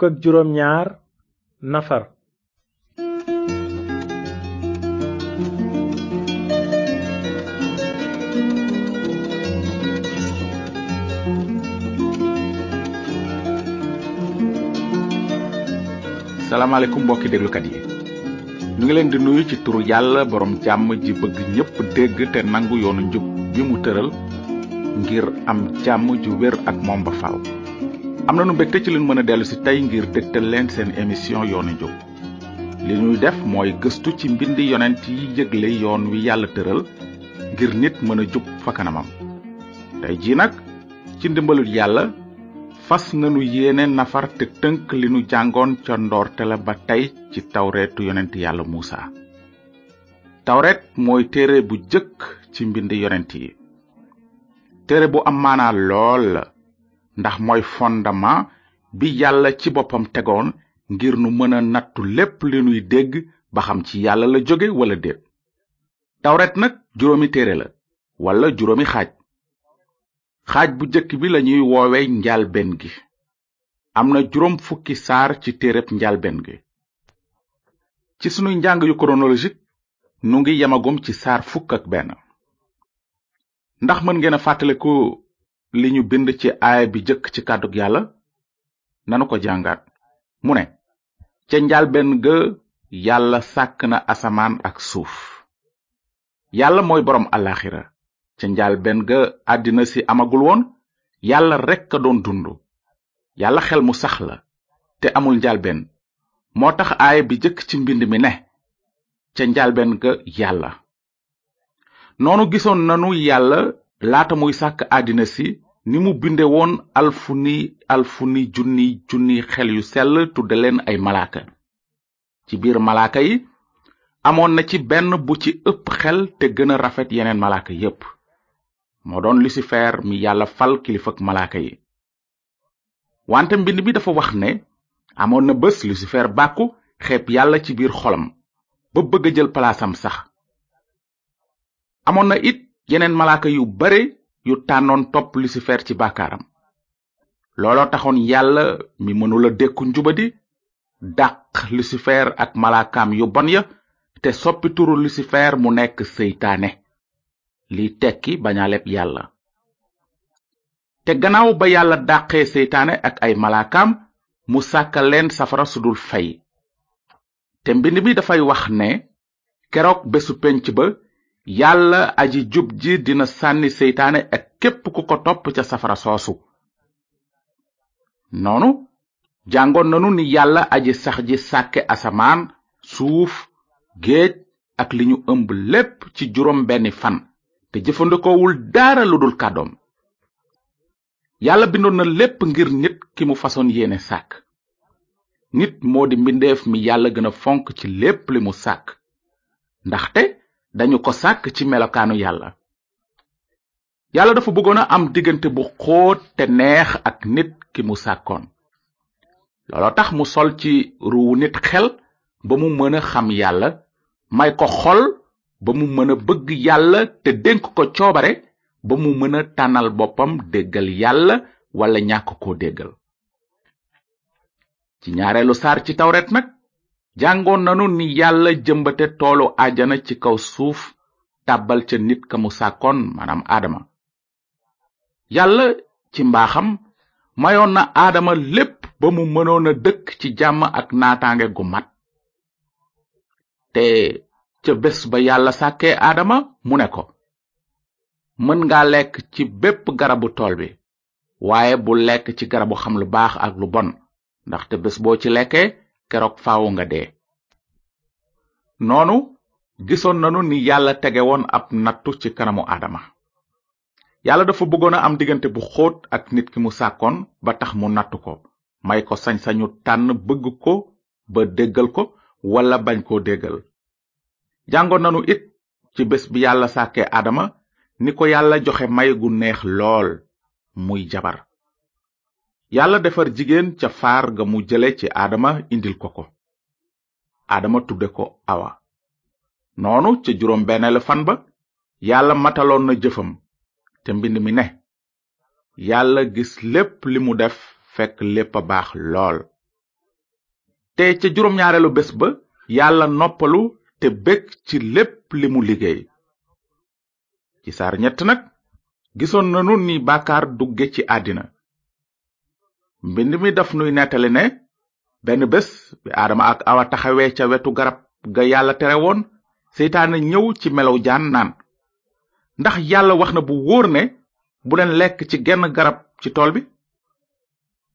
fukk ak mbokki déglukat yi ñu ngi leen di nuyu ci turu yàlla borom jàmm ji bëgg ñépp dégg te nangu yoonu njub bi mu tëral ngir am jàmm ju wér ak moom ba faaw am nañu mbégte ci leen mën a dellu si tey ngir dégtal leen seen émission yoonu njub li ñuy def mooy gëstu ci mbind yonent yi yëgle yoon wi yàlla tëral ngir nit mën a jub fa kanamam tey jii nag ci ndimbalul yàlla fas nañu yéene nafar te tënk li nu jàngoon ca ndoorte la ba tey ci tawreetu yonent yàlla muusa tawreet mooy téere bu jëkk ci mbind yonent yi téere bu am maanaa lool ndax mooy fondement bi yàlla ci boppam tegoon ngir nu mën a nattu lépp li nuy dégg ba xam ci yàlla la jóge wala déet tawret nag juróomi téere la wala juróomi xaaj xaaj bu jëkk bi lañuy woowe njaalbeen gi am na juróom fukki saar ci téereb njaalbeen gi ci sunuy njàng yu chronologique nu ngi yemagum ci saar fukk ak benn ndax mën ngeen a fàttaliku li ñu bind ci aaya bi jëkk ci kàddug yàlla nanu ko jàngaat mu ne ca njalbeen ga yàlla sàkk na asamaan ak suuf yàlla mooy boroom alaxira ca njalbeen ga àddina si amagul woon yàlla rekk a doon dund yàlla xel mu sax la te amul njalbeen moo tax aaya bi jëkk ci mbind mi ne ca njalbeen ga yàlla noonu gisoon nanu yàlla laata muy sàkk àddina si ni mu binde woon alfuni alfuni junni junni xel yu sell tudde leen ay malaaka ci biir malaaka yi amoon na ci benn bu ci ëpp xel te gëna rafet yeneen malaaka yépp moo doon lucifer mi yàlla fal kilifak malaaka yi wante mbind mi dafa wax ne amoon na bés lucifer bàkku xeeb yàlla ci biir xolam ba bëgg a jël palaasam sax amoon na it yeneen malaaka yu bare yu tànnoon topp lucifer ci bàkkaaram looloo taxoon yàlla mi mënula dékku njubadi dàq lucifer ak malaakaam yu bon ya te soppi turu lucifer mu nekk seytaane li tekki bañaleb yàlla te gannaaw ba yàlla dàqee seytaane ak ay malaakaam mu sàkkal leen safara sudul fay te mbind mi dafay wax ne keroog bésu penc ba yàlla aji jub ji dina sànni seytaane ak képp ku ko topp ca safara soosu noonu jàngoon nanu ni yàlla aji sax ji sàkke asamaan suuf géej ak li ñu ëmb lépp ci juróom benni fan te jëfandikoowul daara lu dul kàddoom yàlla bindoon na lépp ngir nit ki mu fasoon yéene sàkk nit moo di mbindeef mi yàlla gën a fonk ci lépp li mu sàkk ndaxte dañu ko sàkk ci melokaanu yàlla yàlla dafa bëggoon a am diggante bu xóot te neex ak nit ki mu sàkkoon looloo tax mu sol ci ruwu nit xel ba mu mën a xam yàlla may ko xol ba mu mën a bëgg yàlla te dénk ko coobare ba mu mën a tànnal boppam déggal yàlla walla ñàkk ko déggal ci ñaareelu saar ci tawret nag jàngoon nanu ni yàlla jëmbate toolu ajana ci kaw suuf tàbbal ca nit kamu sàkkoon maanaam aadama yàlla ci mbaaxam mayoon na aadama lépp ba mu mënoon a dëkk ci jàmm ak naataange gu mat te ca bés ba yàlla sàkkee aadama mu ne ko mën nga lekk ci bépp garabu tool bi waaye bu lekk ci garabu xam lu baax ak lu bon ndaxte bés boo ci lekkee keroog faawu nga dee noonu gisoon nanu ni yàlla tege woon ab nattu ci kanamu aadama yàlla dafa bëggoon a am diggante bu xóot ak nit ki mu sàkkoon ba tax mu nattu ko may ko sañ-sañu tànn bëgg ko ba déggal ko walla bañ koo déggal jàngoon nanu it ci bés bi yàlla sàkkee adama ni ko yàlla joxe may gu neex lool muy jabar yàlla defar jigéen ca faar ga mu jële ci aadama indil ko ko adama tudde ko awa noonu ca juróom benneelu fan ba yàlla mataloon na jëfam te mbind mi ne yàlla gis lépp li mu def fekk lépp a baax lool te ca juróom ñaareelu bés ba yàlla noppalu te bég ci lépp li mu liggéey ci saar ñett nag gisoon nanu ni bàkkaar dugge ci àddina mbind mi daf nuy nettali ne benn bés bi aadama ak awa taxawee ca wetu garab ga yàlla tere woon seytaane ñëw ci melow jaan naan ndax yàlla wax na bu wóor ne bu leen lekk ci genn garab ci tool bi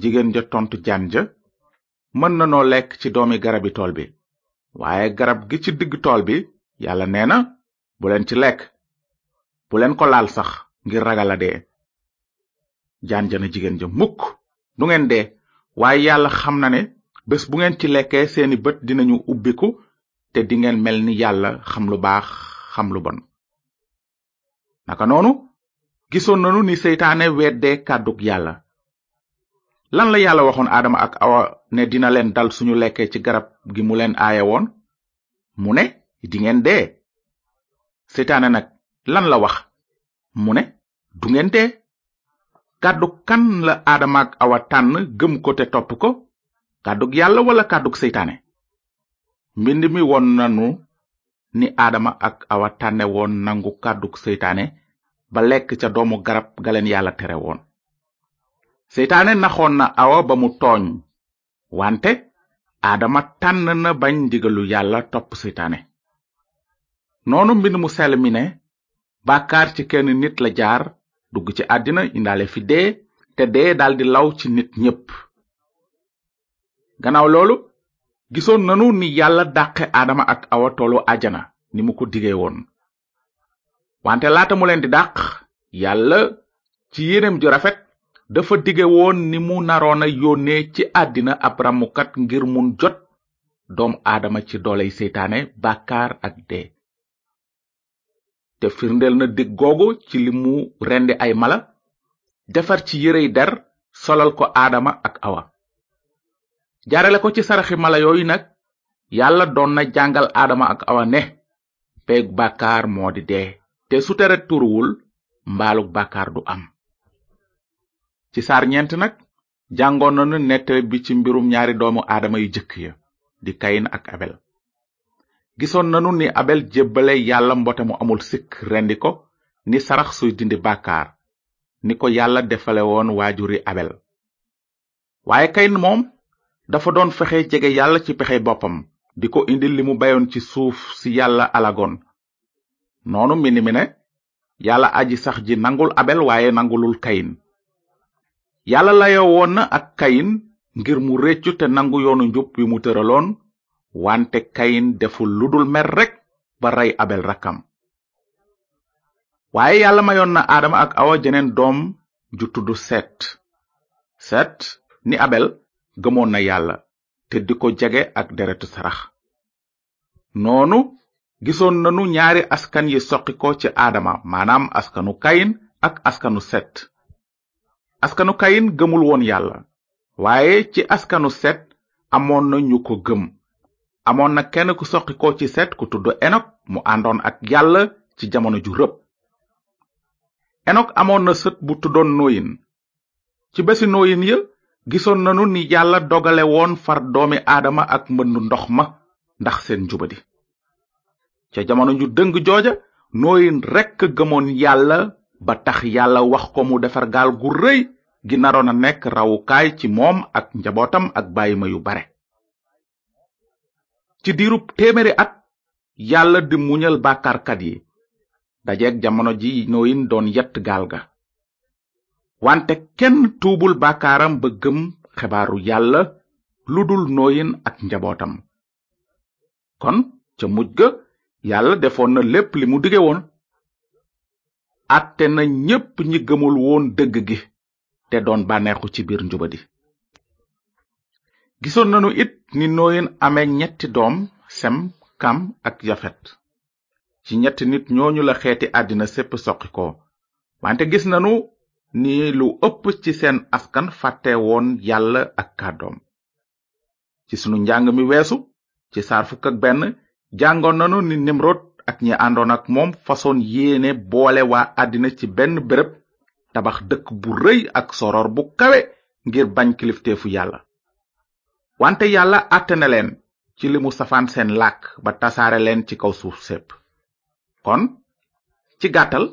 jigéen ja tontu jaan ja mën nanoo lekk ci doomi garabi tool bi waaye garab gi ci digg tool bi yàlla nee na bu leen ci lekk bu leen ko laal sax ngir ragal a dee jaan ja na jigéen ja mukk du ngeen dee waaye yàlla xam na ne bés bu ngeen ci lekkee seeni bët dinañu ubbiku te dingeen mel ni yàlla xam lu baax xam lu bon naka noonu gisoon nanu ni seytaane weddee kàddug yàlla lan la yàlla waxoon aadama ak awa ne dina leen dal suñu lekkee ci garab gi mu leen aaye woon mu ne dingeen dee seytaane nag lan la wax mu ne du ngeen kàddu kan la aadama ak awa tànn gëm ko te topp ko kàddug yàlla wala kàddug seytaane mbind mi won nanu ni aadama ak awa tànne woon nangu kàddug seytaane ba lekk ca doomu garab galeen yàlla tere woon seytaane naxoon na awa ba mu tooñ wante aadama tànn na bañ ndigalu yàlla topp seytaane noonu mbind mu sell mi ne bàkkaar ci kenn nit la jaar dugg ci àddina indaale fi dee te dee daldi law ci nit ñépp gannaaw loolu gisoon nanu ni yàlla dàqe aadama ak awa toolu ajana ni mu ko digee woon wante laata mu leen di dàq yàlla ci yéeneem ju rafet dafa dige woon ni mu naroona yónnee ci àddina ab ramukat ngir mun jot doom aadama ci dooley seytaane bàkkaar ak dee te firndeel na dig googu ci li mu rendi ay mala defar ci yërey der solal ko aadama ak awa jaarale ko ci saraxi mala yooyu nag yàlla doon na jàngal aadama ak awa ne peeg bàkkaar moo di dee te su deret turuwul mbaalug bàkkaar du am ci saar ñeent nag jàngoon na nanu nettali bi ci mbirum ñaari doomu aadama yu jëkk ya di kayin ak abel gisoon nu ni abel jébbale yàlla mbote mu amul sikk rendi ko ni sarax suy dindi bàkkaar ni ko yàlla defale woon waajuri abel waaye kayin moom dafa doon fexe jege yàlla ci pexe boppam di ko indi li mu bayoon ci suuf si yàlla alagoon noonu mbind mi yàlla aji sax ji nangul abel waaye nangulul kayin yàlla layoo woon na ak kayin ngir mu réccu te nangu yoonu njub wi mu tëraloon wante kayin deful ludul mer rekk ba rey abel rakkam waaye yàlla mayoon na aadama ak awa jeneen doom ju tudd set set ni abel gëmoon na yàlla te di ko jege ak deretu sarax noonu gisoon nanu ñaari askan yi soqi ko ci aadama maanaam askanu kayin ak askanu set askanu kayin gëmul woon yàlla waaye ci askanu set amoon na ñu ko gëm amoon na kenn ku soqi ko ci set ku tudd enok mu àndoon ak yàlla ci jamono ju rëb enok amoon na sët bu tuddoon nooyin ci bési nooyin ya gisoon nanu ni yàlla dogale woon far doomi aadama ak mbënn ndox ma ndax seen jubadi ca jamono ju dëng jooja nooyin rekk gëmoon yàlla ba tax yàlla wax ko mu defar gaal gu rëy gi naroon a nekk rawukaay ci moom ak njabootam ak bàyyima yu bare ci diirub téeméeri at yàlla di muñal bàkkaarkat yi dajeeg jamono ji nooyin doon yett gaal ga wante kenn tuubul bàkkaaram ba gëm xebaaru yàlla lu dul nooyin ak njabootam kon ca mujj ga yàlla defoon na lépp li mu diggewoon atte àtte na ñépp ñi gëmul woon dëgg gi te doon bànneexu ci biir njubadi gisoon na nu it ni nooyin ame ñetti doom sem kam ak yafet ci ñetti nit ñooñu la xeeti àddina sépp soqi wante gis nanu ni lu ëpp ci seen askan fàtte woon yàlla ak kàddoom ci sunu njàng mi weesu ci saar fukk ak benn jàngoon nanu ni nimrod ak ñi àndoon moom façon yéene boole waa àddina ci benn bërëb tabax dëkk bu rëy ak soror bu kawe ngir bañ kilifteefu yàlla wante yàlla àtte na leen ci limu safaan seen làkk ba tasaare leen ci kaw suuf sépp kon ci gàttal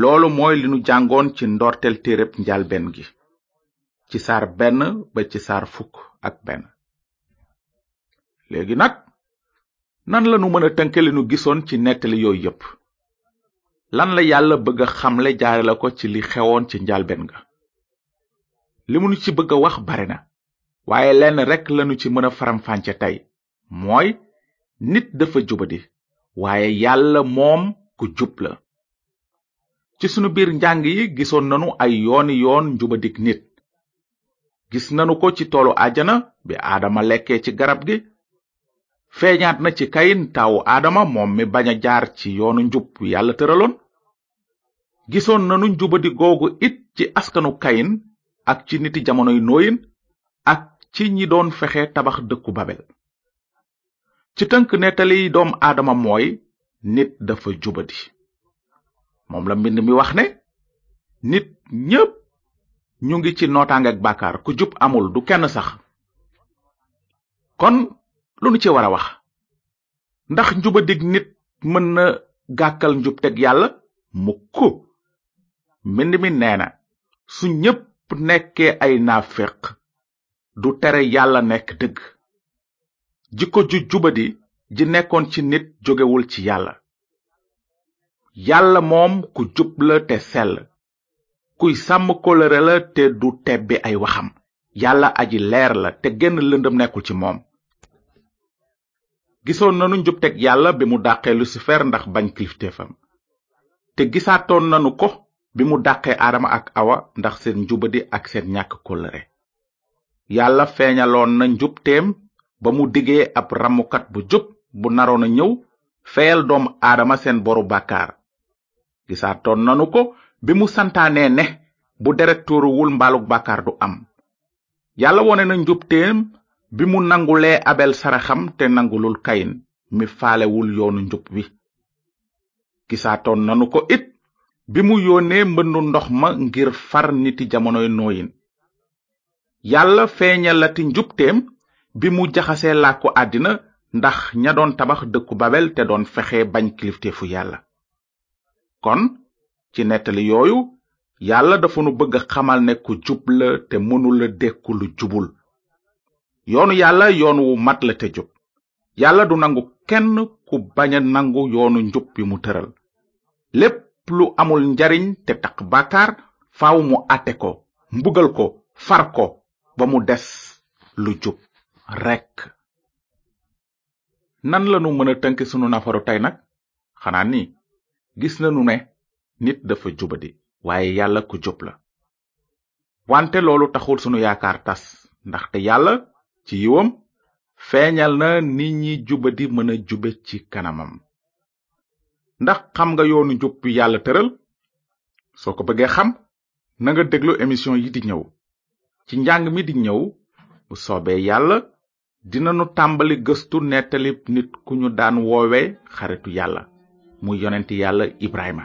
loolu mooy li nu jàngoon ci ndorteel téereb njalbeen gi ci saar benn ba ci saar fukk ak benn léegi nag nan lanu mën a tënke li gisoon ci nettali yooyu yépp lan la yàlla bëgg xamle jaare la ko ci li xewoon ci njalbeen nga li mu ci bëgg a wax bare na waaye lenn rekk lanu ci mën a faramfànce tey mooy nit dafa jubadi waaye yàlla moom ku jub la ci sunu biir njàng yi gisoon nanu ay yooni yoon njubadik nit gis nanu ko ci toolu àjjana bi aadama lekkee ci garab gi feeñaat na ci kayin taawu aadama moom mi bañ a jaar ci yoonu njub yàlla tëraloon gisoon nanu njubadi googu it ci askanu kayin ak ci niti jamonoy nooyin ak ci ñi doon fexe tabax dëkku babel ci tënk nettali doom aadama mooy nit dafa jubadi moom la mbind mi wax ne nit ñépp ñu ngi ci nootaange ak ku jub amul du kenn sax kon lu nu ci war a wax ndax njubadig nit mën na gàkkal njub teg yàlla mukk mbind mi nee na su ñépp nekkee ay naaféq du tere yàlla nekk dëgg jikko ju jubadi ji nekkoon ci nit jógewul ci yàlla yàlla moom ku jub la te sell kuy sàmm kóllëre la te du tebbi ay waxam yàlla aji leer la te genn lëndëm nekkul ci moom gisoon nanu njubteg yàlla bi mu dàqee lucifer ndax bañ kilifteefam te gisaatoon nanu ko bi mu daqee aadama ak awa ndax seen njubadi ak seen ñàkk kóllëre yàlla feeñaloon na njubteem ba mu diggee ab ramukat bu jub bu naroon a ñëw feyal doom aadama seen boru bàkkaar gisaatoon nanu ko bi mu santaanee ne bu deret tuuruwul mbaalug bàkkaar du am yàlla wone na njubteem bi mu nangulee abel saraxam te nangulul kayin mi falewul yoonu njub wi gisaatoon nanu ko it bi mu yónnee mbënnu ndox ma ngir far niti jamonoy nooyin yàlla feeñalati njubteem bi mu jaxasee làkku àddina ndax ña doon tabax dëkku babel te doon fexe bañ kilifteefu yàlla kon ci nettali yooyu yàlla dafa nu bëgg xamal ne ku jub la te mënula dekku lu jubul yoonu yàlla yoon wu mat la te jub yàlla du nangu kenn ku bañ nangu yoonu njub yu mu tëral lépp lu amul njariñ te taq bàkkaar faw mu àtte ko mbugal ko far ko ba mu des lu jub rekk nan lanu mën a tënk sunu nafaru tey nag xanaa ni gis nanu ne nit dafa jubadi waaye yàlla ko jub la wante loolu taxul sunu yaakaar tas ndaxte yàlla ci yiwam feeñal na nit ñi jubadi mën a jube ci kanamam ndax xam nga yoonu njub yàlla tëral soo ko bëggee xam nanga déglu émission yi di ñëw ci njàng mi di ñëw bu soobee yàlla dinanu tàmbali gëstu nettali nit ku ñu daan woowee xaritu yàlla mu yonent yàlla Ibrahima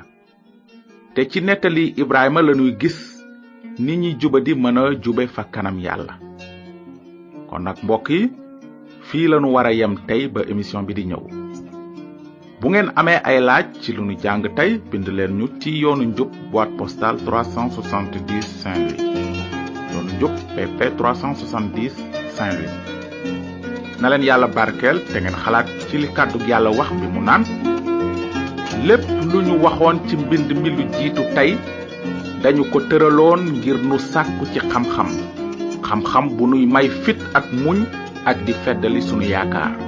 te ci nettali Ibrahima lañuy gis ni ñi jubadi mën a jube fa kanam yàlla kon nag mbokk yi fii lañu war a yem tey ba émission bi di ñëw bu ngeen amee ay laaj ci lu jàng tey bind leen ñu ci yoonu njub boîte postale 370 Saint-Louis yoonu njub PP 370 Saint-Louis leen yàlla barkeel te ngeen xalaat ci li kàddu yàlla wax bi mu naan lépp lu ñu waxoon ci mbind mi lu jiitu tey dañu ko tëraloon ngir nu sàkku ci xam-xam xam-xam bu nuy may fit ak muñ ak di feddali sunu yaakaar